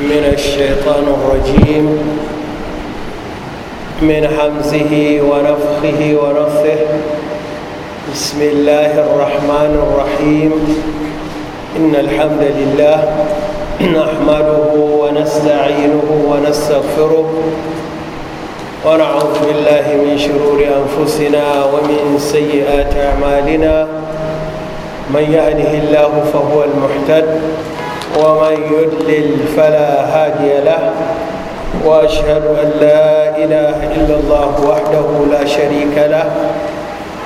من الشيطان الرجيم من حمزه ونفخه ونفه بسم الله الرحمن الرحيم إن الحمد لله نحمده ونستعينه ونستغفره ونعوذ بالله من شرور أنفسنا ومن سيئات أعمالنا من يهده الله فهو المحتد ومن يدلل فلا هادي له وأشهد أن لا إله إلا الله وحده لا شريك له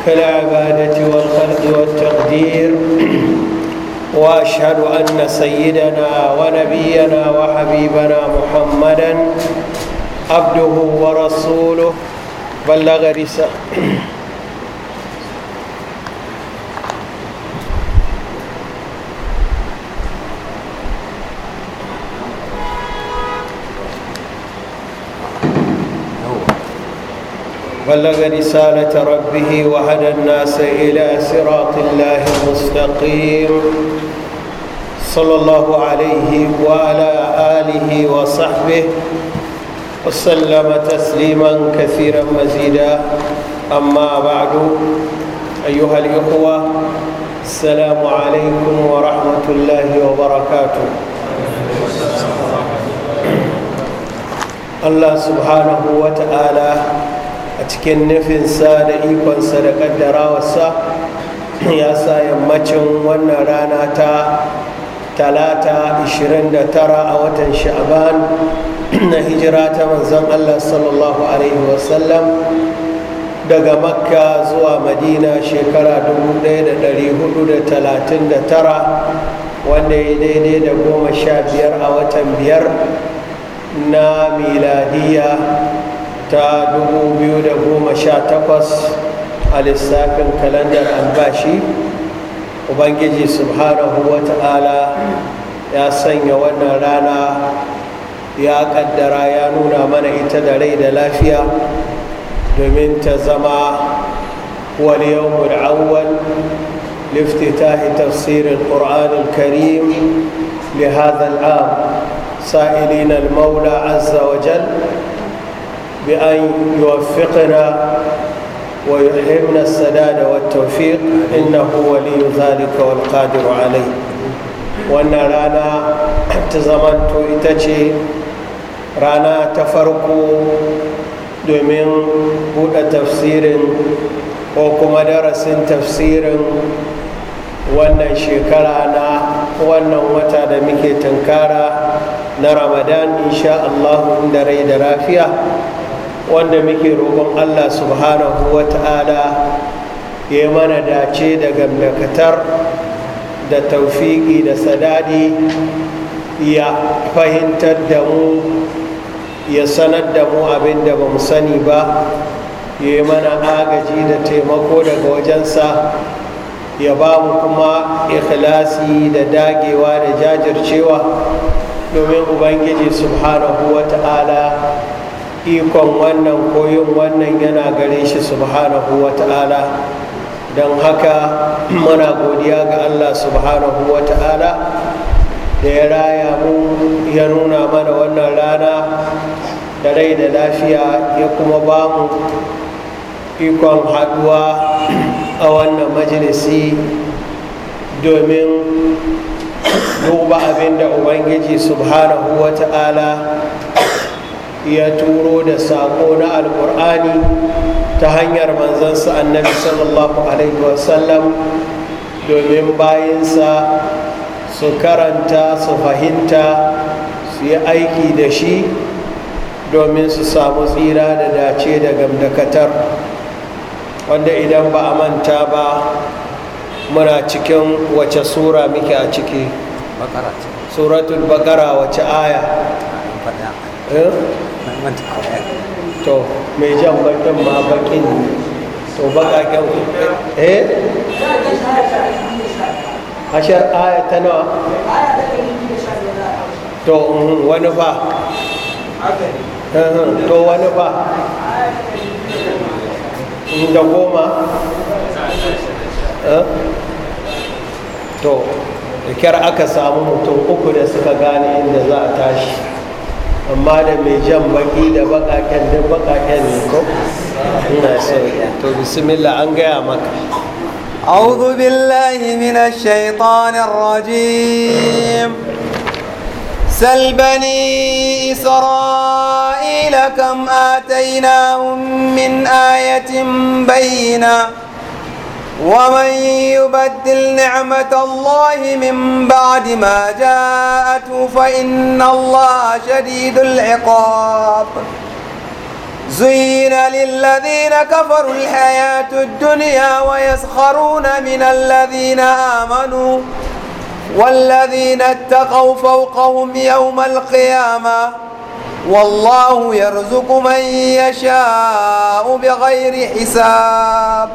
في العبادة والخلق والتقدير وأشهد أن سيدنا ونبينا وحبيبنا محمدا عبده ورسوله بلغ رسالة بلغ رسالة ربه وهدى الناس إلى صراط الله المستقيم صلى الله عليه وعلى آله وصحبه وسلم تسليما كثيرا مزيدا أما بعد أيها الإخوة السلام عليكم ورحمة الله وبركاته الله سبحانه وتعالى a cikin nufinsa da ikonsa da kaddarawarsa ya sa yammacin wannan rana ta talata 29 a watan sha'aban na hijira ta manzon allah sallallahu alaihi wasallam daga makka zuwa madina shekara 1439 wanda ya daidai da goma sha biyar a watan biyar na miladiya ta 2018 a lissafin kalandar albashi ubangiji subhanahu wa ta'ala ya sanya wannan rana ya kaddara ya nuna mana ita da rai da lafiya domin ta zama wani yawon awwal لافتتاح تفسير القرآن الكريم لهذا العام سائلين المولى عز وجل Bi'an بأن يوفقنا ويحرمنا السداد والتوفيق إنه ولي ذلك والقادر عليه وأن ita ce. Rana ta تفرقوا domin buɗe tafsirin ko kuma darasin tafsirin wannan shekara na wannan wata da muke tunkara na ramadan inshaAllahu, Allah da lafiya. wanda muke roƙon allah subhanahu wa ta'ala ya yi mana dace da gamdakatar da taufiki da sadadi ya fahimtar da mu ya sanar da mu abin da ba mu sani ba ya yi mana agaji da taimako daga wajensa ya ba mu kuma ikhlasi da dagewa da jajircewa domin ubangiji subhanahu wa ta'ala ikon wannan koyon wannan yana gare shi subhanahu wa ta'ala don haka muna godiya ga allah subhanahu wa ta'ala da ya raya mu ya nuna mana wannan rana da rai da lafiya ya kuma ba mu ikon haduwa a wannan majalisi domin duba abin da ubangiji subhanahu wa ta'ala ya turo da saƙo na alƙur'ani ta hanyar manzansa annabi sallallahu alaihi wasallam domin bayansa su karanta su fahimta su yi aiki da shi domin su samu tsira da dace da gamdakatar wanda idan ba a manta ba muna cikin wace sura muke a ciki suratul bakara wace aya mata kwaya to mai jan bakin ma bakin to bakaken eh ashar aya ta nawa to mhm, wani ba eh, mhm, to wani ba da goma eh? to da kyar aka samu mutum uku da suka gane inda za a tashi amma da mai jan baki da bakaken duk bakaken ne ko ina sauya to bismillah an gaya maka أعوذ بالله من الشيطان الرجيم سل بني إسرائيل كم آتيناهم من آية بينه ومن يبدل نعمة الله من بعد ما جاءته فإن الله شديد العقاب زين للذين كفروا الحياة الدنيا ويسخرون من الذين آمنوا والذين اتقوا فوقهم يوم القيامة والله يرزق من يشاء بغير حساب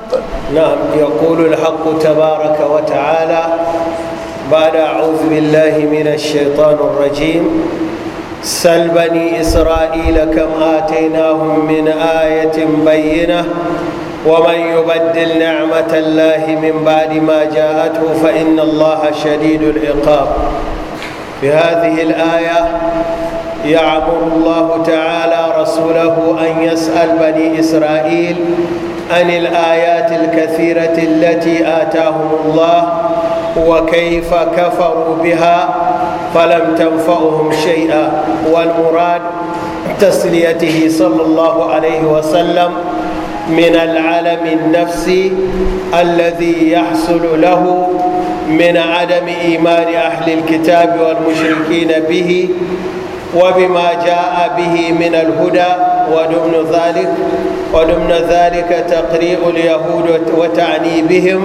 نعم يقول الحق تبارك وتعالى بعد أعوذ بالله من الشيطان الرجيم سل بني إسرائيل كم آتيناهم من آية بينة ومن يبدل نعمة الله من بعد ما جاءته فإن الله شديد العقاب في هذه الآية يعمر الله تعالى رسوله أن يسأل بني إسرائيل عن الآيات الكثيرة التي آتاهم الله وكيف كفروا بها فلم تنفعهم شيئا والمراد تسليته صلى الله عليه وسلم من العلم النفسي الذي يحصل له من عدم إيمان أهل الكتاب والمشركين به وبما جاء به من الهدى ودمن ذلك ودمن ذلك تقريء اليهود وتعنيبهم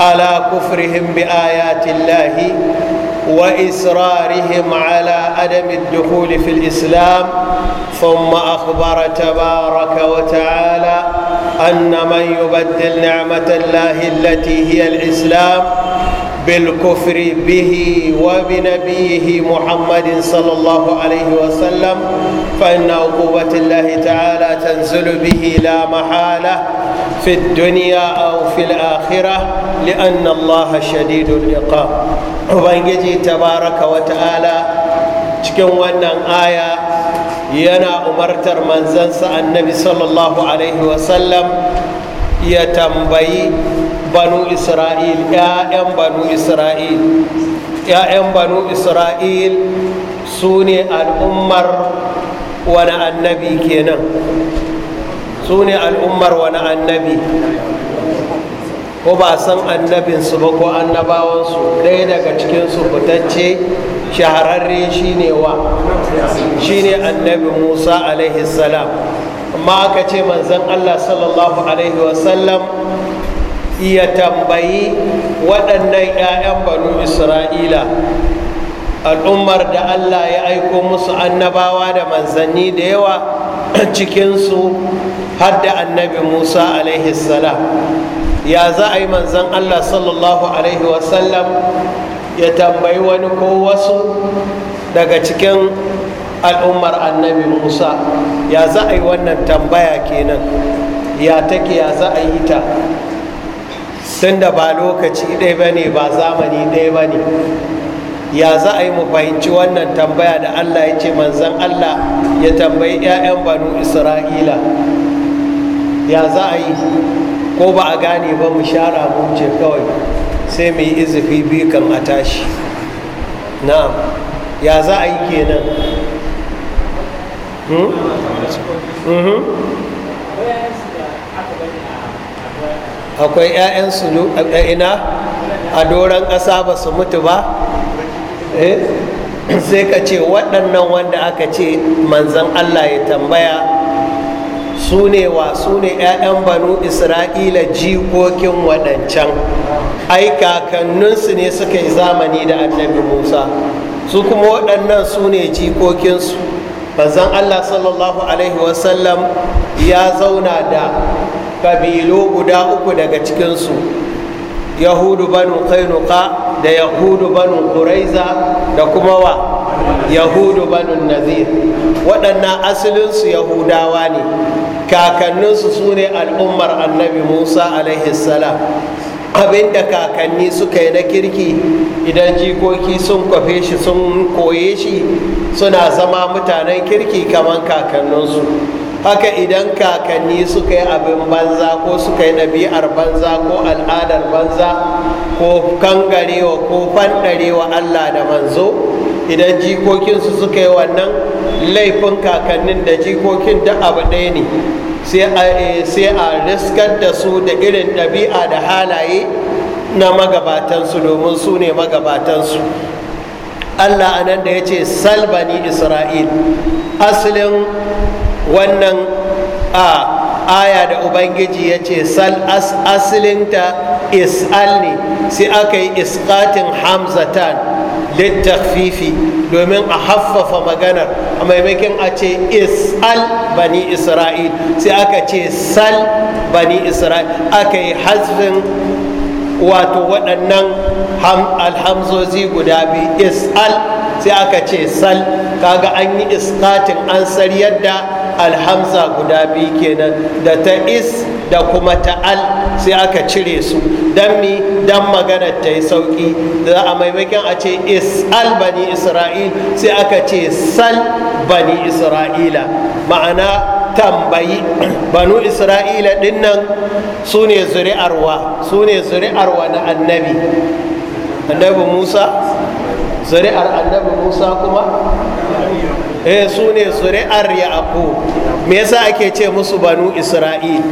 على كفرهم بآيات الله وإصرارهم على عدم الدخول في الإسلام ثم أخبر تبارك وتعالى أن من يبدل نعمة الله التي هي الإسلام بالكفر به وبنبيه محمد صلى الله عليه وسلم فإن عقوبة الله تعالى تنزل به لا محالة في الدنيا أو في الآخرة لأن الله شديد العقاب وبنجي تبارك وتعالى cikin wannan aya yana umartar manzansa annabi sallallahu alaihi wasallam ya tambayi banu isra'il ƴaƴan banu isra'il ‘ya'yan banu isra'il su ne al'ummar wani annabi kenan su ne al'ummar wani annabi ko ba san annabinsu ba ko annabawansu ɗaya daga cikinsu fitacce shahararre shine wa shine annabi musa alaihi salam amma aka ce manzon allah sallallahu alaihi wasallam ya tambayi waɗannan 'ya'yan banu isra'ila al'ummar da allah ya aiko musu annabawa da manzanni da yawa cikinsu har da annabi musa salam ya za a yi manzan allah sallallahu alaihi wasallam ya tambayi wani ko wasu daga cikin al'ummar annabi musa ya za a yi wannan tambaya kenan ya take ya za a yi ta tunda ba lokaci ɗaya ba ne ba zamani ɗaya ba ne ya za a yi mu fahimci wannan tambaya da allah ya ce manzan allah ya tambayi 'ya'yan banu isra'ila ya za a yi ko ba a gane ba mu shara mu ce kawai sai mu yi izifi biyu kan a tashi na'am ya za a yi kenan hmm? hmm? akwai 'ya'yansu ina a doron ƙasa ba su mutu ba eh? sai ka ce waɗannan wanda aka ce manzan allah ya tambaya su ne wa su ne 'ya'yan banu isra'ila jikokin waɗancan ai kakanninsu ne suka yi zamani da annabi musa su kuma waɗannan su ne jikokinsu Bazan allah sallallahu alaihi wasallam ya zauna da kabilu guda uku daga cikinsu yahudu banu kainuka da yahudu banu kuraiza da kuma wa yahudu banu nazir waɗannan asalinsu yahudawa ne kakanninsu su ne al'ummar annabi musa alaihi salam abin da kakanni suka yi na kirki idan jikoki sun kwafe shi sun koye shi suna zama mutanen kirki kamar kakanninsu haka idan kakanni suka yi abin banza ko suka yi ɗabi'ar banza ko al'adar banza ko kangarewa ko fanɗarewa allah da manzo idan jikokinsu suka yi wannan laifin kakannin da jikokin da abu ɗaya ne Eh, sai a riskar da su da irin ɗabi'a da halaye na magabatansu domin su ne magabatansu allah anan da ya ce salbani isra'il asalin wannan a aya da ubangiji ya ce sal asalinta is'al ne sai aka yi iskatin hamzatan littafifi domin a haffafa maganar a maimakon a ce isal bani isra'il sai aka ce sal bani isra'il aka yi hasfin wato waɗannan alhamzozi guda biyu isal sai aka ce sal kaga an yi iskatin an sariyar yadda. alhamza guda biyu kenan da ta is da kuma ta al sai aka cire su don mi don magana ta yi sauki za a maimakon a ce is al bani isra'il sai aka ce sal bani isra'ila ma'ana tambayi banu isra'ila dinnan su ne zuri'arwa su ne zuri'arwa na annabi annabi musa zuri'ar annabi musa kuma eh su ne zuri'ar yaqub me yasa ake ce musu banu isra'il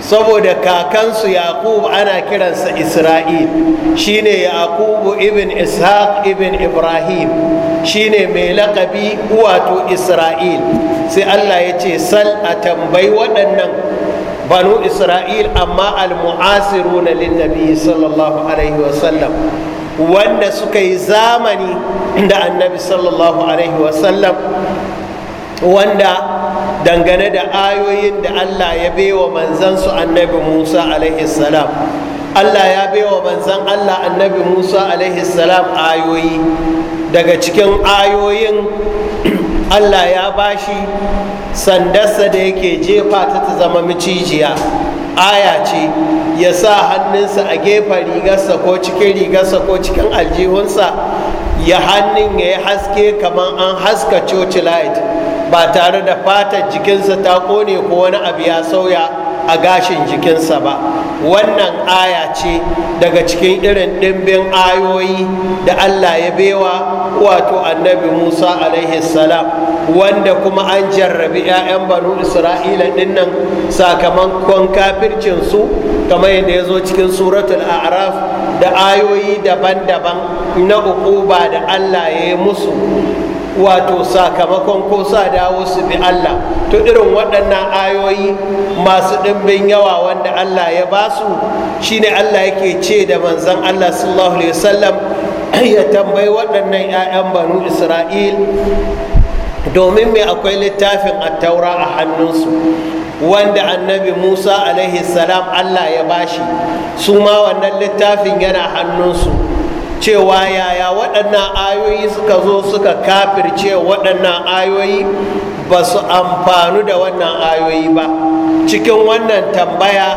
saboda kakansu yaqub ana kiransa isra'il shine yaqub ibn ishaq ibn ibrahim shine mai lakabi wato isra'il sai allah ya ce sal a tambayi waɗannan banu isra'il amma al-mu'asiruna linnabi sallallahu alaihi wasallam wanda suka yi zamani da annabi sallallahu alaihi wasallam wanda dangane da ayoyin da allah ya baiwa manzansu annabi musa alaihi salam allah ya baiwa manzan allah annabi musa alaihi salam ayoyi daga cikin ayoyin allah ya bashi sandarsa da yake jefa ta ta zama macijiya aya ce ya sa hannunsa a gefen rigarsa ko cikin rigarsa ko cikin aljihunsa ya hannun ya yi haske kamar an haska coci light ba tare da fatar jikinsa ta kone ko wani abu ya sauya a gashin jikinsa ba wannan aya ce daga cikin irin ɗimbin ayoyi da allah ya bewa wato annabi musa alaihi salam wanda kuma an jarrabi 'ya'yan banu isra'ila dinnan sakamakon kafircinsu kamar yadda ya zo cikin suratul a'raf da ayoyi daban-daban na uku ba da allah ya yi musu wato sakamakon ko sa dawo su bi Allah to irin waɗannan ayoyi masu ɗimbin yawa wanda Allah ya ba su ne Allah yake ce da manzon Allah sallallahu alaihi wasallam ya tambayi waɗannan 'ya'yan banu Isra'il domin mai akwai littafin a taura a hannunsu wanda annabi musa alaihi salam allah ya bashi su ma wannan littafin yana hannunsu cewa yaya waɗannan ayoyi suka zo suka kafirce waɗannan ayoyi ba su amfanu da wannan ayoyi ba cikin wannan tambaya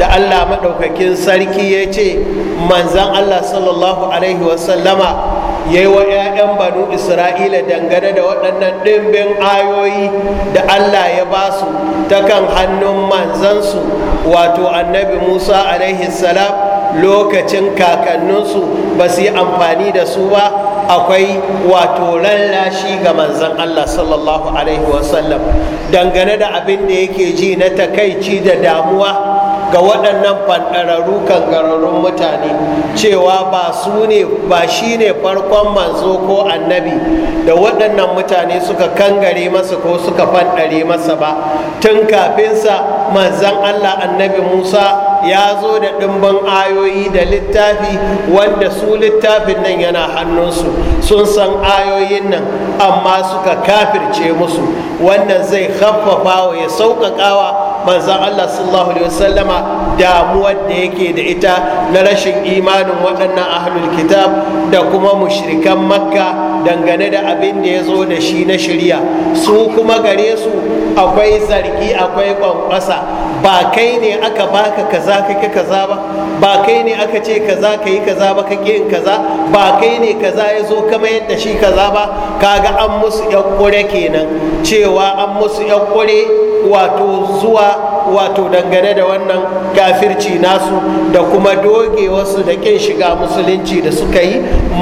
da allah maɗaukakin sarki ya ce manzan allah sallallahu alaihi wasallama ya yi wa 'ya'yan banu isra'ila dangane da waɗannan ɗimbin ayoyi da allah ya ba su ta kan hannun manzansu wato annabi musa alaihi salam lokacin kakanninsu ba su yi amfani da su ba akwai wato lallashi ga manzan Allah sallallahu alaihi wasallam dangane da abin da yake ji na takaici da damuwa ga waɗannan fanɗararru kangararrun mutane cewa ba su ne ba shi ne farkon manzo ko annabi da waɗannan mutane suka kangare masa ko suka fanɗare masa ba tun kafinsa manzan Allah annabi Musa ya zo da ɗimbin ayoyi da littafi wanda su littafin nan yana hannunsu sun san ayoyin nan amma suka kafirce musu wannan zai haffafa wa ya sauƙaƙawa manzan Allah sallallahu alaihi wasallama damuwar da yake da ita na rashin imanin waɗannan ahlul kitab da kuma mushrikan makka dangane da abin da ya zo da shi na shirya su kuma gare su akwai zargi akwai kwankwasa ba kai ne aka baka kaza kake kaza ba ba kai ne aka ce kaza ka yi kaza ba kake yin kaza ba kai ne kaza ya zo kama yadda shi kaza ba kaga an musu yan kenan cewa an musu yan wato zuwa wato dangane da wannan kafirci nasu da kuma doge wasu da kin shiga musulunci da suka yi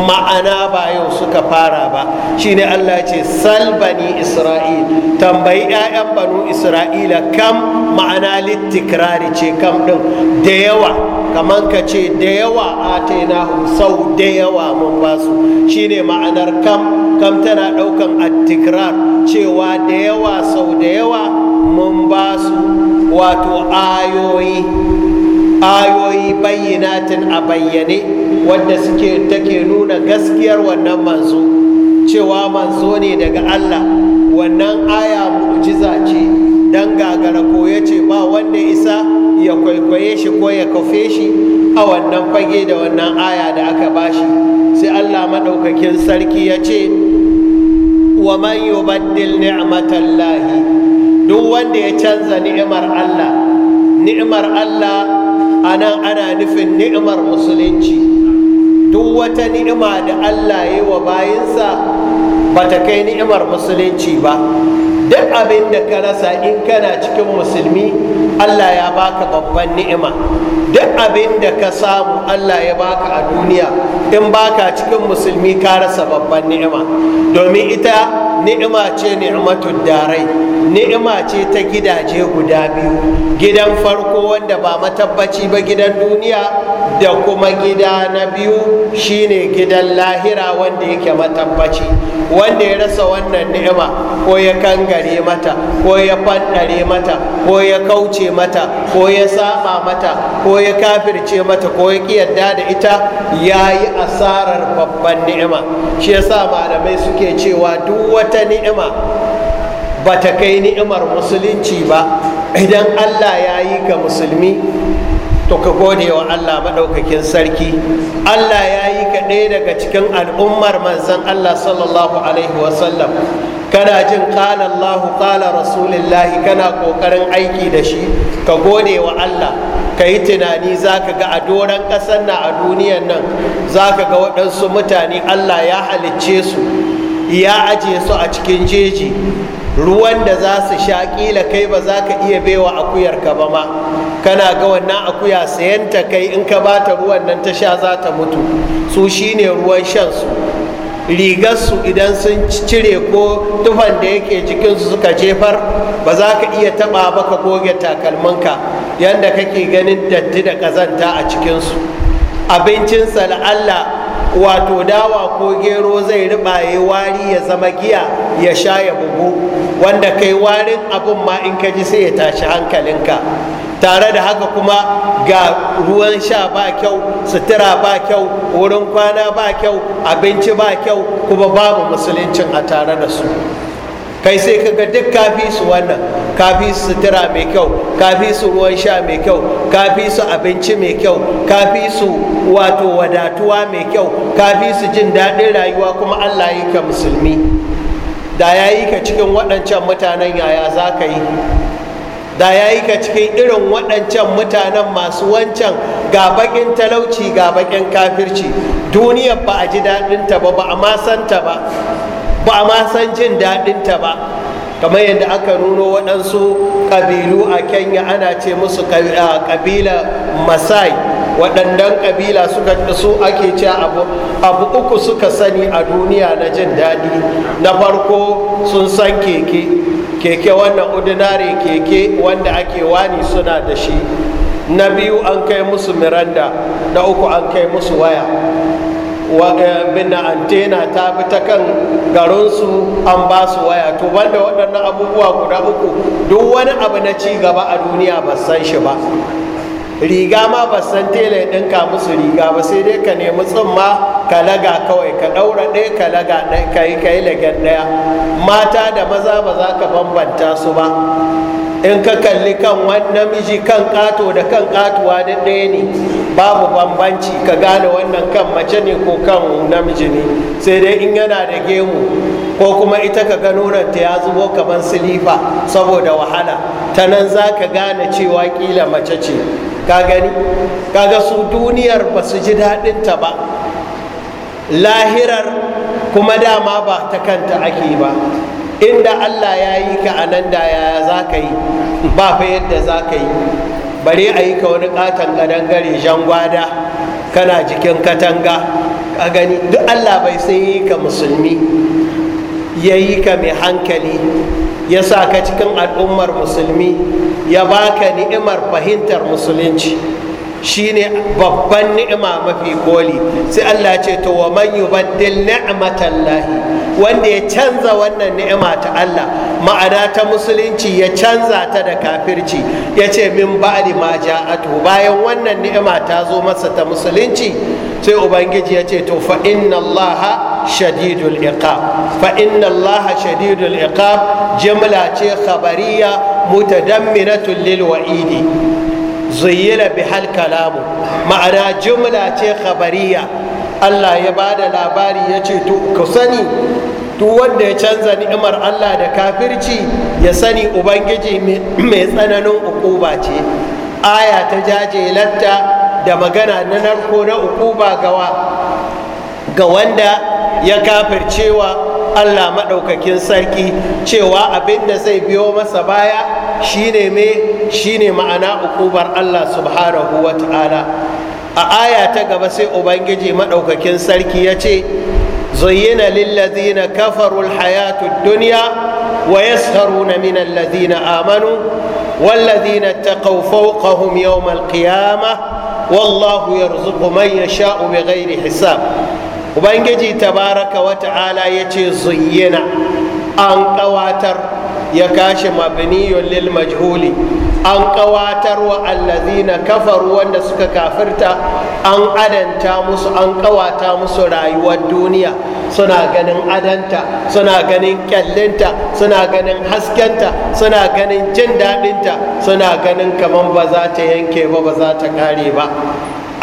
ma'ana ba yau suka fara ba shine Allah ce sal isra'il tambayi 'ya'yan banu isra'ila kam ma'ana littikrari ce kam din da yawa kamar ka ce da yawa a atena sau da yawa mun basu shine ma'anar kam kam tana daukan attikrar cewa da yawa sau da yawa mun basu wato ayoyi ayoyi bayyanatin a bayyane wadda suke take nuna gaskiyar wannan manzo cewa manzo ne daga Allah wannan aya mu'jiza ce dan gagara ko ya ce ba wanda isa ya kwaikwaye shi ko ya kafe shi a wannan fage da wannan aya da aka bashi sai Allah maɗaukakin sarki ya ce wa man yubaddil ni'matallahi duk wanda ya canza ni'imar Allah ni'imar Allah anan ana nufin ni'imar musulunci duk wata ni'ima da Allah ya yi wa bayinsa ba ta kai ni'imar musulunci ba duk abin da ka rasa in kana cikin musulmi Allah ya baka babban ni'ima duk abin da ka samu Allah ya baka a duniya in baka cikin musulmi ka rasa babban ni'ima domin ita ni'ima ce ni'matud darai ni'ima ce ta gidaje guda biyu gidan farko wanda ba matabbaci ba gidan duniya da kuma gida na biyu shine gidan lahira wanda yake matabbaci wanda ya rasa wannan ni'ima ko ya kangare mata ko ya faddare mata ko ya kauce mata ko ya saba mata ko ya kafirce mata ko ya kiyarda da ita ya yi asarar babban ni'ima shi yasa malamai suke cewa duk wata ni'ima ba ta kai ni'imar musulunci ba idan allah ya yi ga musulmi to ka gode wa Allah maɗaukakin sarki Allah ya yi ka ɗaya daga cikin al'ummar manzan Allah sallallahu alaihi wasallam kana jin ƙala Allah rasulillahi kana ƙoƙarin aiki da shi ka gode wa Allah ka yi tunani za ka ga a doron ƙasar na a duniyan nan za ka ga waɗansu mutane Allah ya halicce su ya ajiye su a cikin jeji ruwan da za su sha ƙila kai ba za ka iya baiwa ka ba ma kana ga wannan akuya sayanta kai in ka bata ruwan nan ta sha za ta mutu su shine ruwan shan shansu rigarsu idan sun cire ko tufan da yake jikinsu suka jefar ba za ka iya taba ba ka goge takalminka yadda kake ganin datti da kazanta a cikinsu abincinsa la'alla wato dawa ko gero zai ribaye wari ya zama giya ya sha ya bugu wanda kai warin abun ma in ka ji sai ya tashi hankalinka tare da haka kuma ga ruwan sha ba kyau sutura ba kyau wurin kwana ba kyau abinci ba kyau kuma babu musuluncin a tare da su kai sai kaga duk kafi su wannan kafi su sutura mai kyau kafi su ruwan sha mai kyau kafi su abinci mai kyau kafi su wato wadatuwa mai kyau kafi su jin daɗin rayuwa kuma allah yi ka musulmi da ya yi ka cikin waɗancan mutanen yaya za ka yi da ya yi ka cikin irin waɗancan mutanen masu wancan ga baƙin talauci ga baƙin kafirci duniyar ba a ji daɗinta ba ba a masanta santa ba ba a ma san jin daɗinta ba kamar yadda aka nuno waɗansu ƙabilu a kenya ana ce musu ƙabila masai waɗannan ƙabila suka su ake ce abu uku suka sani a duniya na jin daɗi na farko sun san keke keke wannan udunare keke wanda ake wani suna da shi na biyu an kai musu miranda na uku an kai musu waya Eh, antena ta bi ta kan garinsu an ba su waya to banda waɗannan abubuwa guda uku duk wani abu na ci gaba a duniya ba san shi ba riga ma ba san tela ya ka musu riga ba sai dai ka nemi tsumma ka laga kawai ka ɗaura ɗaya ka laga ɗaya ka yi lagen ɗaya mata da maza ba za ka bambanta su ba in ka kalli kan wannan namiji kan kato da kan katuwa da ɗaya ne babu bambanci ka gane wannan kan mace ne ko kan namiji ne sai dai in yana da gemu ko kuma ita ka ga nonanta ya zubo kamar silifa saboda wahala ta nan za ka gane cewa kila mace ce ka gani kaga su duniyar ba su ji daɗinta ba lahirar kuma dama ba ta kanta ake ba inda allah ya yi ka a nan da yaya za ka yi ba fa yadda za ka yi bare a yi ka wani katon ƙadangare, jan gwada kana jikin katanga a gani duk allah bai sai yi ka musulmi ya yi ka mai hankali ya sa ka cikin al'ummar musulmi ya baka ni'imar fahimtar musulunci shine babban ni'ima mafi koli sai Allah ce to wa man yubaddil ni'matallahi wanda ya canza wannan ni'ima ta Allah ma'ana ta musulunci ya canza ta da kafirci ya ce min ba'di ma ja'atu bayan wannan ni'ima ta zo masa ta musulunci sai ubangiji ya ce to fa inna Allah shadidul iqab fa inna Allah shadidul iqab jimla ce khabariya mutadamminatun lil wa'idi zuyyina bihal kalamu ma'ana jumla ce khabariya Allah ya ba da labari ya ce ku sani duk wanda ya canza ni'imar Allah da kafirci ya sani ubangiji mai tsananin ukuba ce aya ta jaje latta da magana na narko na ukuba gawa ga wanda ya kafircewa allah maɗaukakin sarki cewa abin da zai biyo masa baya shine me shine ma'ana ukubar allah subhanahu wata'ala a aya ta gaba sai ubangiji maɗaukakin sarki ya ce زين للذين كفروا الحياة الدنيا ويسخرون من الذين آمنوا والذين اتقوا فوقهم يوم القيامة wallahu yarzuqu man yasha'u بغير hisab ubangiji tabaraka wata ala ya ce zuyyina an ƙawatar ya kashe mabniyun lil majhuli an ƙawatar wa na kafaru wanda suka kafirta an adanta musu an ƙawata musu rayuwar duniya suna ganin adanta suna ganin kyallinta suna ganin haskenta suna ganin jin daɗinta suna ganin kamar ba za ta yanke ba ba za ta kare ba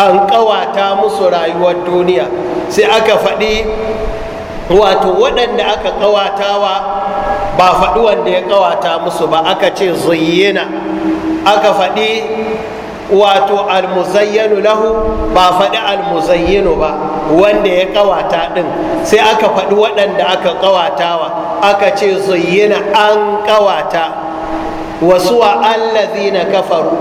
an ƙawata musu rayuwar duniya sai aka faɗi wato waɗanda aka ƙawatawa ba faɗi wanda ya ƙawata musu ba aka ce zuyyina aka faɗi wato almuzayyanu lahu ba faɗi almuzayyanu ba wanda ya ƙawata ɗin sai aka faɗi waɗanda aka ƙawatawa aka ce zuyyina an ƙawata wasu wa na kafaru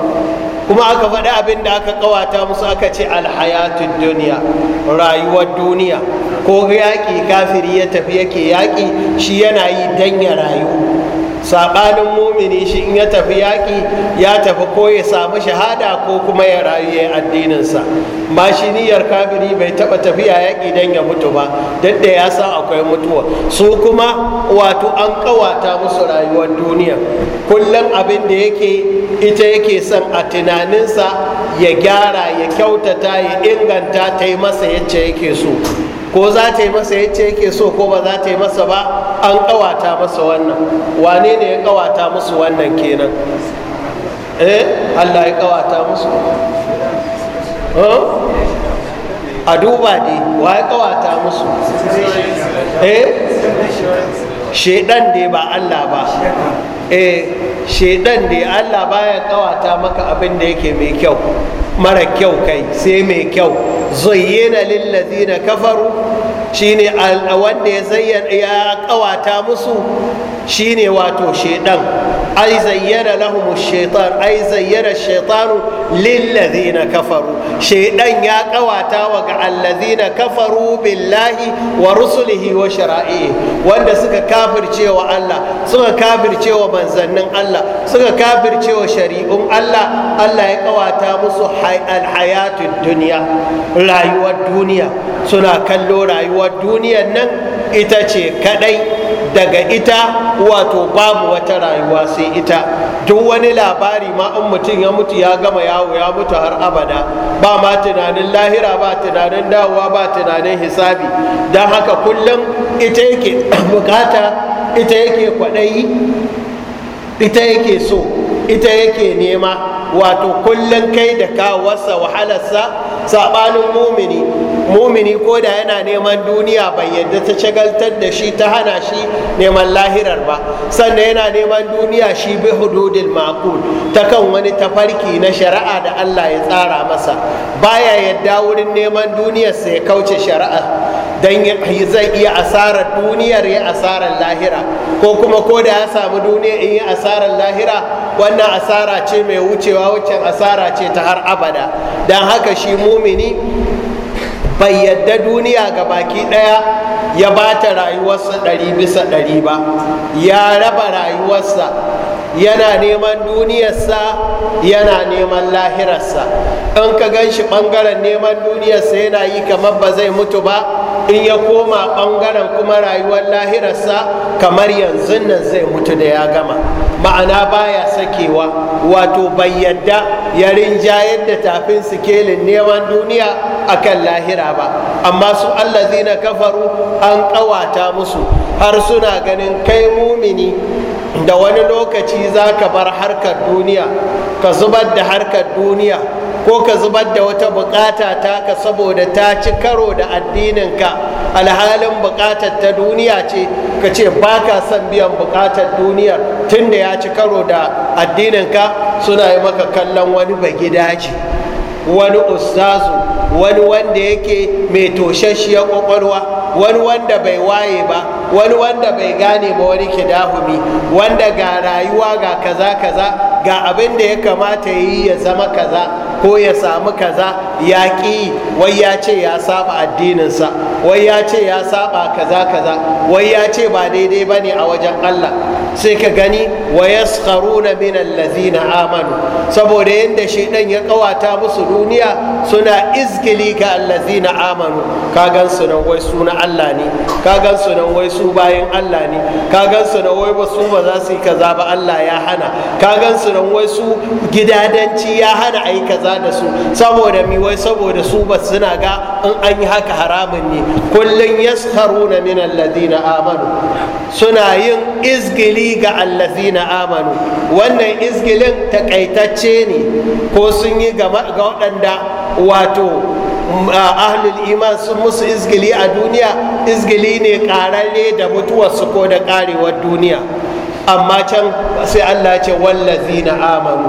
kuma aka faɗi abin da aka kawata musu aka ce alhayatun duniya rayuwar duniya ko yaƙi kafiri ya tafi yake yaƙi shi yana yi dan ya rayu saɓanin mumini shi in ya tafi yaƙi ya tafi ko ya samu shahada ko kuma ya rayu ya addininsa mashiniyar shi niyyar kafiri bai taɓa tafiya yaƙi don ya mutu ba duk da ya san akwai mutuwa su kuma wato an ƙawata musu rayuwar duniya kullum abin da yake ita yake son a tunaninsa ya gyara ya kyautata ya inganta ta yi masa yacce yake so ko za ta yi masa ce yake so ko ba za ta yi masa ba an kawata masa wannan wane ne ya kawata musu wannan kenan eh allah ya kawata musu a duba ne wa ya kawata musu eh shedan ne ba allah ba eh shedan da Allah baya kawata maka abin da yake mai kyau mara kyau kai sai mai kyau zayyana lillazina kafaru shine wanda ya zayyana ya kawata musu shine wato Shaidan. ai zayyana lahum shaitan ai zayyana shaitanu lillazina kafaru Shaidan ya kawata wa ga allazina kafaru billahi wa rusulihi wa shara'ihi wanda suka kafirce wa Allah suka kafirce wa manzannin Allah suka kafirce wa shari'un Allah Allah ya kawata musu alhayatud duniya rayuwar duniya suna kallo rayuwar rayuwar duniyar nan ita ce kadai daga ita wato babu wata rayuwa sai ita duk wani labari ma in mutum ya mutu ya gama yawo ya mutu har abada ba ma tunanin lahira ba tunanin dawowa ba tunanin hisabi don haka kullum ita yake bukata ita yake kwaɗayi ita yake so ita yake nema wato kullum kai da kawarsa wahalarsa saɓanin mumini mumini ko da yana neman duniya bai yadda ta shagaltar da shi ta hana shi neman lahirar ba sannan yana neman duniya shi bi hududil maqul ta kan wani tafarki na shari'a da Allah ya tsara masa baya yadda wurin neman duniya sa ya kauce shari'a dan zai iya asarar duniyar ya asarar lahira ko kuma ko da ya samu duniya in yi asarar lahira wannan asara ce mai wucewa waccan asara ce ta har abada Dan haka shi mumini bai yadda duniya ga baki ɗaya ya ba ta rayuwarsa ɗari bisa ɗari ba ya raba rayuwarsa yana neman duniyarsa yana neman lahirarsa in ka gan shi ɓangaren neman duniyarsa yana yi kamar ba zai mutu ba in ya koma ɓangaren kuma rayuwar lahirarsa kamar yanzu nan zai mutu da ya gama ma'ana baya sakewa wato bai yadda ya rinjayar da tafin sikelin neman duniya a kan lahira ba amma su zina kafaru an ƙawata musu har suna ganin kai mumini da wani lokaci za ka bar harkar duniya ka zubar da harkar duniya ko ka zubar da wata bukata taka saboda ta ci karo da addininka alhalin bukatar ta duniya ce ka ce ba ka son biyan bukatar duniyar tunda ya ci karo da addininka suna yi maka kallon wani bagidaji wani ustazu wani wanda yake mai toshashiyar kwakwalwa wani wanda bai waye ba wani wanda bai gane ba wani kidahumi wanda ga rayuwa ga kaza kaza ga abin da ya kamata yi ya zama kaza ko ya samu kaza ya ƙi wai ya ce ya saba addininsa wai ya ce ya saba kaza kaza wai ya ce ba daidai ba ne a wajen Allah sai ka gani wa yaskharuna min allazina amanu saboda yadda shi ɗan ya kawata musu duniya suna izgili ga allazina amanu ka gan su nan wai su na Allah ne ka gan su nan wai su bayan Allah ne ka gan su nan wai ba su ba za su yi kaza ba Allah ya hana ka gan su nan wai su gidadanci ya hana a yi kaza kula da su saboda mi wai saboda su ba suna ga in an yi haka haramun ne kullum yaskharuna min alladhina amanu suna yin izgili ga alladhina amanu wannan izgilin takaitacce ne ko sun yi ga waɗanda wato mm, ahlul iman sun musu izgili a duniya izgili ne ƙararre da mutuwarsu ko da ƙarewar duniya amma can sai Allah ce na amanu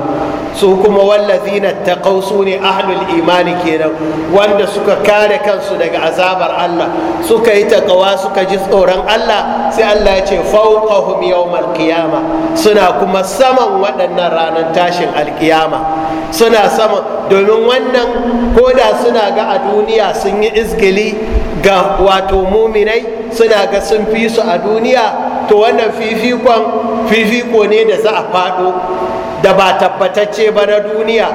su kuma na na su ne ahlul imani kenan wanda suka kare kansu daga azabar Allah suka yi taƙawa, suka ji tsoron Allah sai Allah ya ce fawqahum yawmal qiyama suna kuma saman waɗannan ranar tashin alkiyama suna saman. domin wannan koda suna ga a duniya sun yi izgili ga wato muminai suna ga sun fi su a duniya to wannan fifikon fifiko ne da za a faɗo da ba tabbatacce ba na duniya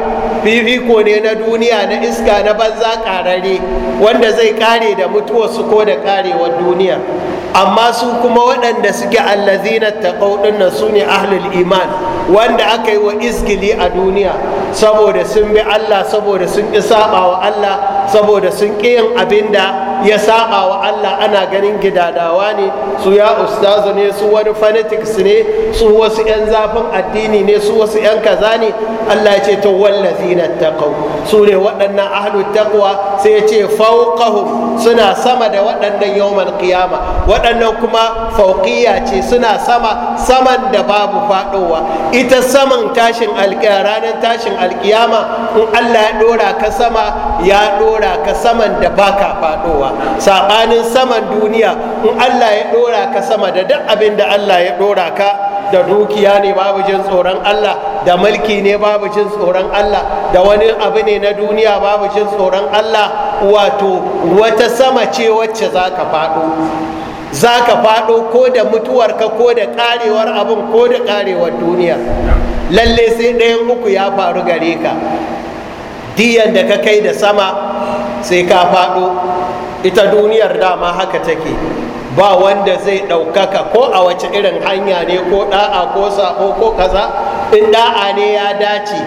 fifiko ne na duniya na iska na banza ƙarare wanda zai ƙare da su ko da ƙarewar duniya amma su kuma waɗanda suke allazina taqaw na su ne ahlul iman wanda aka yi wa iskili a duniya saboda sun bi Allah saboda sun ƙi saba wa Allah saboda sun ƙi yin abinda ya saba wa Allah ana ganin gidadawa ne su ya ustazu ne su wani fanatics ne su wasu 'yan zafin addini ne su wasu 'yan kaza ne Allah ya ce to wallazina taqaw su ne waɗannan ahlu taqwa sai ya ce fawqahum suna sama da waɗannan yawmal kiyama. waɗannan kuma fauqiya ce suna sama saman da babu faɗowa ita saman tashin ranar tashin alƙiyama, in Allah ya ɗora ka sama ya ɗora ka saman da baka faɗowa ba saɓanin saman duniya in allah ya ɗora ka sama da duk abin da allah ya ɗora ka da dukiya ne babu jin tsoron allah da mulki ne babu jin tsoron allah da wani abu ne na duniya babu jin tsoron allah wato wata sama ce wacce za ka faɗo za faɗo ko da mutuwarka ko da ƙarewar abun ko da ƙarewar duniya lalle sai ɗayan uku ya faru gare ka diyan da ka kai da sama sai ka faɗo ita duniyar dama haka take ba wanda zai ɗaukaka ko a wace irin hanya ne ko ɗa'a ko sako ko kaza in ɗa'a ne ya dace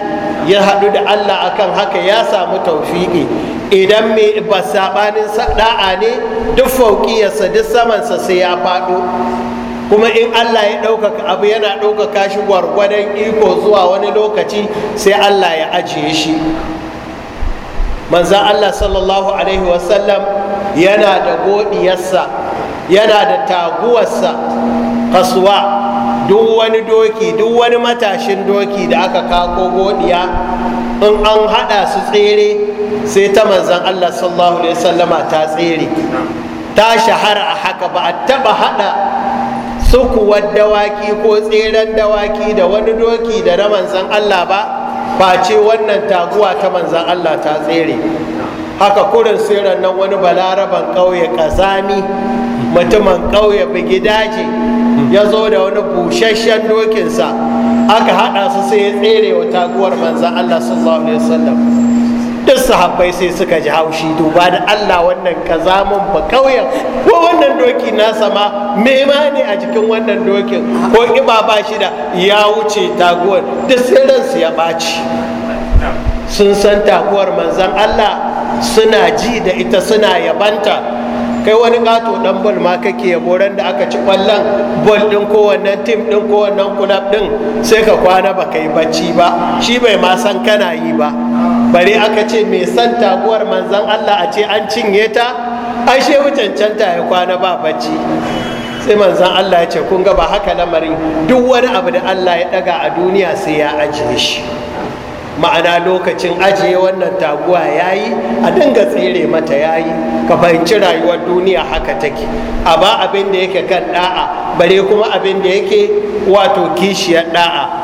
ya haɗu da allah akan haka ya samu taufiƙi idan mai ba saɓanin ɗa'a ne duk fauƙiyarsa duk samansa sai ya faɗo kuma in allah ya ɗaukaka abu yana ɗaukaka shi gwargwadon iko zuwa wani lokaci sai allah ya ajiye shi manzan allah sallallahu alaihi wasallam yana da godiyarsa yana da taguwarsa kasuwa duk wani doki duk wani matashin doki da aka kako godiya in an hada su tsere sai ta manzan allah sallallahu alaihi wasallama ta tsere ta shahara a haka ba a taba hada sukuwar dawaki ko tseren dawaki da wani doki da na manzan allah ba face wannan taguwa ta manzan allah ta tsere haka kurin siran nan wani balaraban ƙauye ƙazami mutumin ƙauye daji. ya zo da wani busasshen dokinsa aka haɗa su sai ya tsere wa taguwar manzan Allah sallallahu alaihi wasallam duk sahabbai sai suka ji haushi duba da Allah wannan kazamin ba ƙauyen ko wannan doki nasa ma mema ne a jikin wannan dokin ko ƙiba ba shi da ya wuce taguwar duk sai ransu ya ɓaci sun san taguwar manzan Allah suna ji da ita suna yabanta kai wani gato dan bol ma kake yabo ran da aka ci kwallon bol din kowannen tim din kowannen kulab din sai ka kwana ba kai bacci ba shi bai ma san kana yi ba bare aka ce mai san taguwar manzon Allah a ce an cinye ta ai she wucancanta ya kwana ba bacci sai manzon Allah ya ce kun ga ba haka lamarin duk wani abu da Allah ya daga a duniya sai ya ajiye shi ma'ana lokacin ajiye wannan taguwa ya yi a dinga tsere mata ya yi ka fahimci rayuwar duniya haka take a ba abin da yake kan da'a bare kuma abin da yake wato kishiyar da'a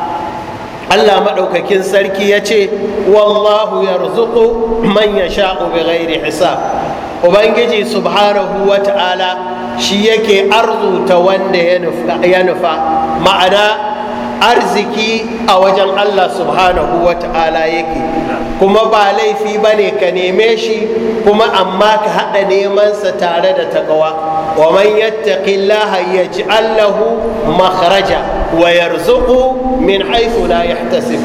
allah maɗaukakin sarki ya ce wallahu ya rizuku man ya sha'u bi ghairi hisab ubangiji subhanahu wa ta'ala shi yake arzuta wanda ya nufa ma'ana arziki a wajen Allah subhanahu wa ta'ala yake kuma ba laifi ba ne ka neme shi kuma amma ka haɗa sa tare da takawa wa man yattaqillaha yaj'al lahu makhraja wa yarzuqu min haythu la yahtasib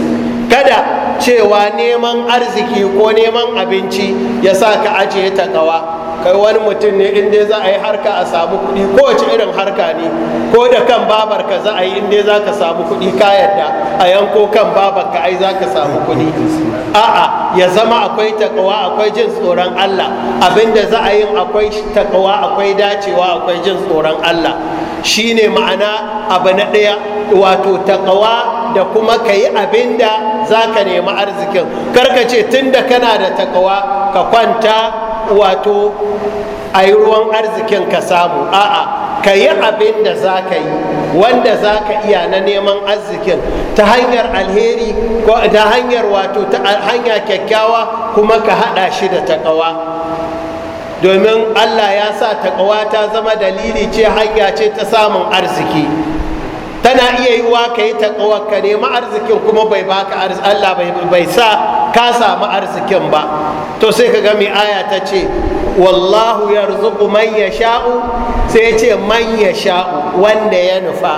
kada cewa neman arziki ko neman abinci ya sa ka ajiye takawa kai wani mutum ne in za a yi harka a samu kuɗi kowace irin harka ne ko da kan babar ka za a yi in za ka samu kuɗi ka yadda a yanko kan babar ka ai za ka samu kuɗi a'a ya zama akwai takawa akwai jin tsoron Allah abinda za a yi akwai takawa akwai dacewa akwai jin tsoron Allah shine ma'ana abu na ɗaya wato takawa da kuma ka yi abinda za ka nemi arzikin karka ce tun da kana da takawa ka kwanta wato a yi ruwan arzikin ka samu a'a ka yi abin da za ka yi wanda za ka iya na neman arzikin ta hanyar alheri ko ta hanyar wato ta hanya kyakkyawa kuma ka haɗa shi da taƙawa domin allah ya sa taƙawa ta zama dalili ce hanya ce ta samun arziki tana iya yiwa ka yi ka nema arzikin kuma bai baka Allah bai sa ka samu arzikin ba to sai ka gami aya ta ce wallahu yarzuqu man sha'u sai ce man yasha'u wanda ya nufa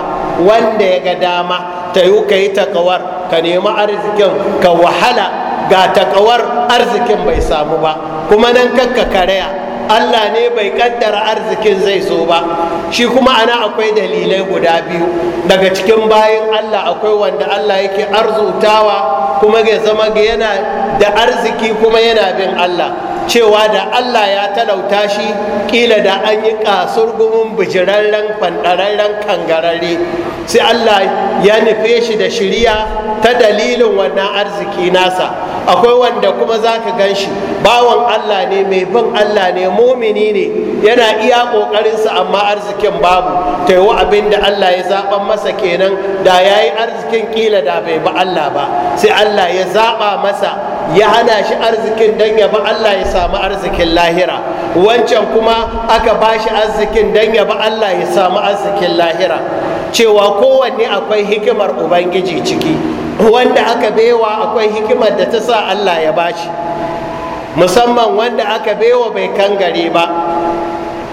wanda ya ga dama ta yi ka yi taƙawar ka nema arzikin ka wahala ga taƙawar arzikin bai samu ba kuma nan kakka karaya Allah ne bai kaddara arzikin zai zo ba shi kuma ana akwai dalilai guda biyu daga cikin bayan Allah akwai wanda Allah yake arzutawa kuma ga zama yana da arziki kuma yana bin Allah cewa da allah ya talauta shi ƙila da an yi kasurgumin bijirarren fandararren kangararre sai allah ya nufe shi da shirya ta dalilin wannan arziki nasa akwai wanda kuma za ka gan shi bawan allah ne mai bin allah ne mumini ne yana iya ƙoƙarinsa amma arzikin babu taiwo abin da allah ya zaɓa masa kenan da ya yi arzikin ƙila da bai ba allah ba sai allah ya zaɓa masa ya hana shi arzikin don ya bi Allah ya samu arzikin lahira wancan kuma aka ba shi arzikin don ya bi Allah ya samu arzikin lahira cewa kowanne akwai hikimar ubangiji ciki wanda aka baiwa akwai hikimar da ta sa Allah ya bashi musamman wanda aka baiwa bai kan gare ba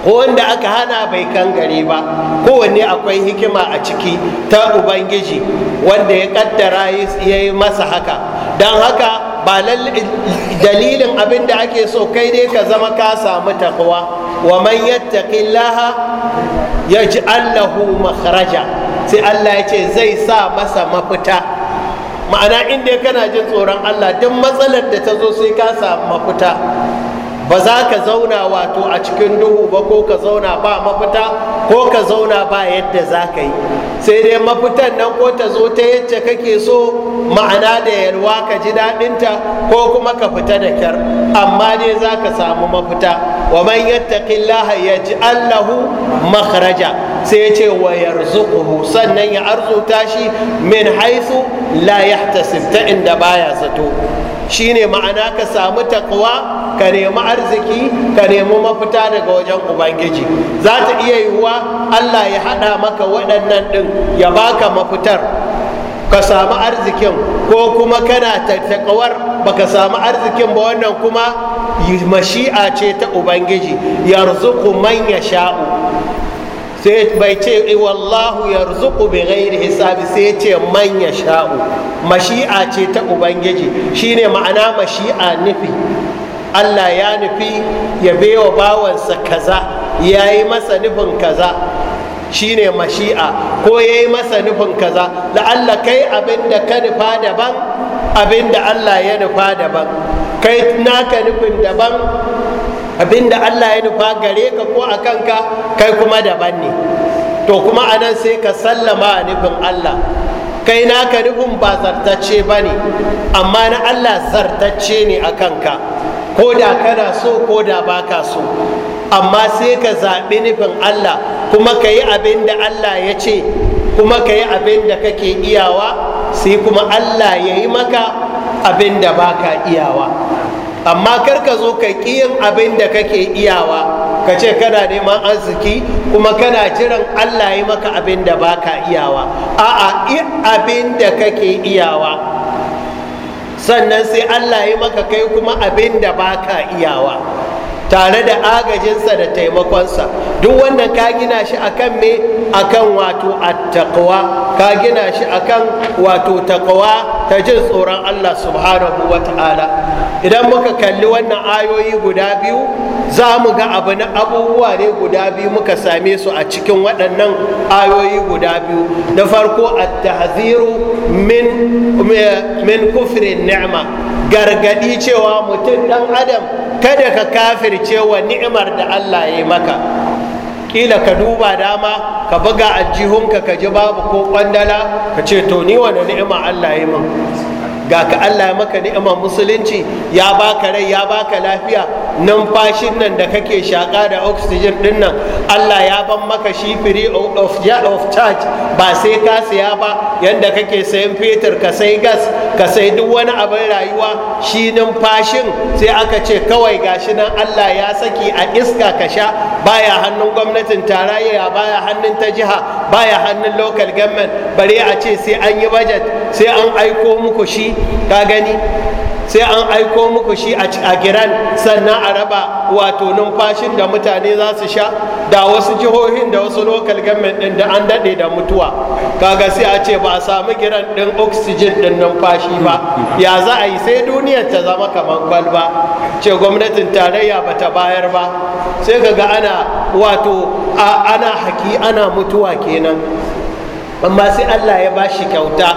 ko wanda aka hana bai kan gare ba kowanne akwai hikima a ciki ta ubangiji wanda ya kaddara ya yi masa haka Dan haka ba dalilin abin da ake so kai dai ka zama ka samu takwa wa man yattaqillaha yaj'al lahu makhraja sai Allah ya zai sa masa mafita ma'ana inda kana jin tsoron Allah duk matsalar da ta zo sai ka samu mafita ba za ka zauna wato a cikin duhu ba ko ka zauna ba mafita ko ka zauna ba yadda za ka yi sai dai mafitan nan ko ta zo ta yacce kake so ma'ana da yalwa ka ji daɗinta ko kuma ka fita da kyar amma dai za ka samu mafita wa man yattaqillaha yaj'al allahu makhraja sai ce wa yarzuquhu sannan ya arzuta shi min haythu la yahtasib ta inda baya zato shine ma'ana ka samu takwa ka nemi arziki ka nemi mafita daga wajen ubangiji za ta iya yiwuwa allah ya haɗa maka waɗannan ɗin ya baka mafitar ka samu arzikin ko kuma kana tattakawar baka samu arzikin ba wannan kuma mashi'a ce ta ubangiji yarzuku ku manya sha'u sai bai ce eh, wallahu yarzuku bai gairi hisabi sai ce manya sha'u mashi'a ce ta ubangiji shine ma'ana mashi'a nufi allah ya nufi ya baiwa bawansa kaza ya yi masa nufin kaza shine mashi'a ko ya yi masa nufin kaza la'alla kai abinda ka nufa daban abinda allah ya nufa daban kai naka nufin daban abinda allah ya nufa gare ka ko a kanka kai kuma daban ne to kuma anan sai ka sallama nufin allah kai naka nufin ba zartacce ba ne amma na allah zartacce ne a kanka ko da kana so ko da baka so amma sai ka zaɓi nufin Allah kuma ka yi abin da Allah ya ce kuma ka yi abin da kake iyawa sai kuma Allah ya yi maka abin da baka iyawa amma kar ka zo ka yin abin da kake iyawa ka ce kana neman arziki kuma kana jiran Allah ya maka abin da baka iyawa a'a abin da kake iyawa sannan sai Allah ya maka kai kuma abin da ba ka iyawa tare da agajinsa da taimakonsa duk wannan ka gina shi akan me akan wato attaqwa ka gina shi akan wato taqwa ta jin tsoron Allah subhanahu wata'ala idan muka kalli wannan ayoyi guda biyu za mu ga abu na abubuwa ne guda biyu muka same su a cikin waɗannan ayoyi guda biyu na farko at-tahziru min min kufrin ni'ma gargadi cewa mutum dan adam kada ka kafirce wa ni'imar da Allah ya yi maka Ƙila ka duba dama ka buga aljihunka ka ji babu ko kwandala ka ce to ni wani ni'ima Allah ya yi min ga ka Allah ya maka ni'ima musulunci ya baka rai ya baka lafiya numfashin nan da kake shaka da oxygen din nan Allah ya ban maka shi free of of charge ba sai ka siya ba yanda kake sayan fetur ka sai gas ka sai duk wani abin rayuwa shi numfashin sai aka ce kawai gashi nan Allah ya saki a iska ka sha baya hannun gwamnatin tarayya baya hannun ta jiha baya hannun local government bare a ce sai an yi budget sai an aiko muku shi ka gani sai an aiko muku shi a giran sannan a raba wato numfashin da mutane za su sha da wasu jihohin da wasu lokal government din da an daɗe da mutuwa kaga sai a ce ba a samu giran ɗin oxygen ɗin numfashi ba ya za a yi sai duniyar ta zama kamar kwalba ce gwamnatin tarayya ba ta bayar ba sai kaga ana wato ana haki ana mutuwa kenan amma sai allah ya ba shi kyauta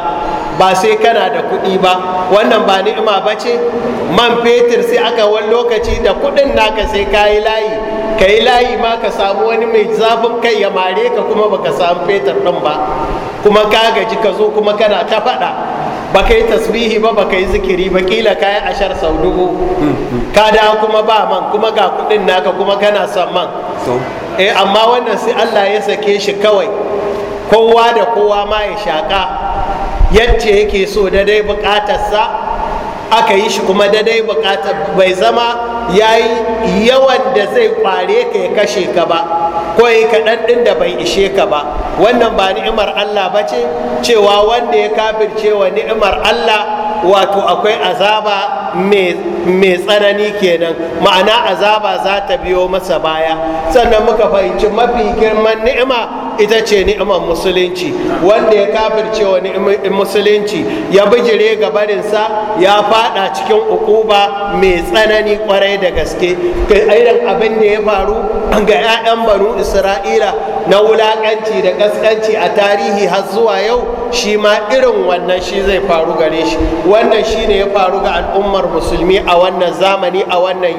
ba sai kana da kuɗi ba wannan ba ni'ima ba ce man fetur sai aka wani lokaci da kuɗin naka sai ka yi layi ka yi layi ma ka samu wani mai zafin kai ya mare ka kuma ba ka samu fetur ɗin ba kuma ka gaji ka zo kuma kana ta faɗa ba ka yi tasbihi ba ba ka yi zikiri ba kila ka yi ashar sau dubu ka da kuma ba man kuma ga kuɗin naka kuma kana son man eh amma wannan sai Allah ya sake shi kawai kowa da kowa ma ya shaƙa yadda yake so da dai bukatarsa aka yi shi kuma da dai bukatar bai zama ya yi yawan da zai kware ka ya kashe ka ba ko yi kaɗan ɗin da bai ishe ka ba wannan ba ni'imar allah ba ce cewa wanda ya kafirce wa ni'imar allah wato akwai azaba mai tsanani kenan ma'ana azaba za ta biyo masa baya sannan muka fahimci mafi girman ni'ima ita ce ni'imar musulunci wanda ya kafirce ni'imar musulunci ya bijire gabarinsa ya fada cikin ukuba mai tsanani kwarai da gaske irin abin da ya faru ga 'ya'yan banu isra'ila na wulakanci da kaskanci a tarihi har zuwa yau shi ma irin wannan shi zai faru gare shi wannan shi ne ya faru ga al'ummar musulmi a wannan zamani a wannan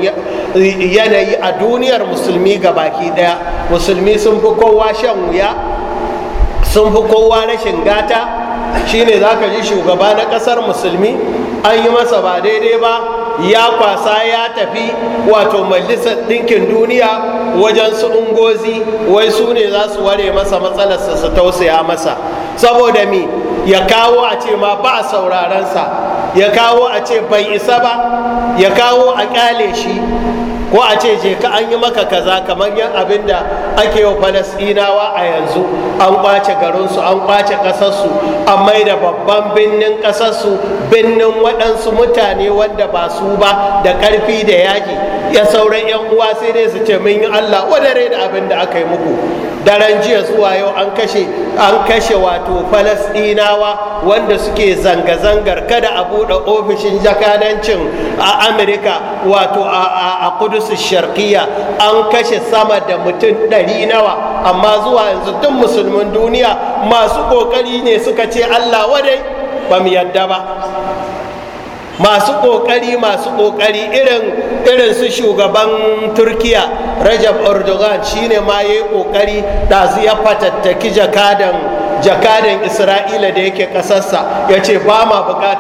yanayi a duniyar musulmi ga baki daya musulmi sun fi kowa shan wuya sun fi kowa rashin gata ne za ka ji shugaba na ƙasar musulmi an yi masa ba daidai ba ya kwasa ya tafi wato majalisar ɗinkin duniya wajen su ungozi wai su ne za su ware masa matsalarsa su tausaya masa saboda mi ya kawo a ce ma ba sa ya kawo a ce bai isa ba ya kawo a kyale shi ko a ce je ka an yi maka kaza kamar yan abin da ake wa falasɗinawa a yanzu an kwace garinsu an kwace ƙasarsu an mai da babban birnin ƙasarsu birnin waɗansu mutane wanda ba su ba da ƙarfi da yaƙi ya sauran yan uwa sai dai su ce mun yi Allah wadare da abin da aka yi muku daren jiya zuwa yau an kashe an kashe wato falasdinawa wanda suke zanga-zangar kada a buɗe ofishin jakadancin a amerika wato a kudus sharkiya an kashe sama da mutum ɗari nawa amma zuwa yanzu duk musulmin duniya masu ƙoƙari ne suka ce allah wadai ba mu yadda ba masu ƙoƙari masu ƙoƙari irin irin su shugaban turkiya rajab erdogan shine ma yayi kokari ƙoƙari ɗazu ya fatattaki jakadan jakadan isra'ila da yake ƙasarsa ya ce ba ma buƙatar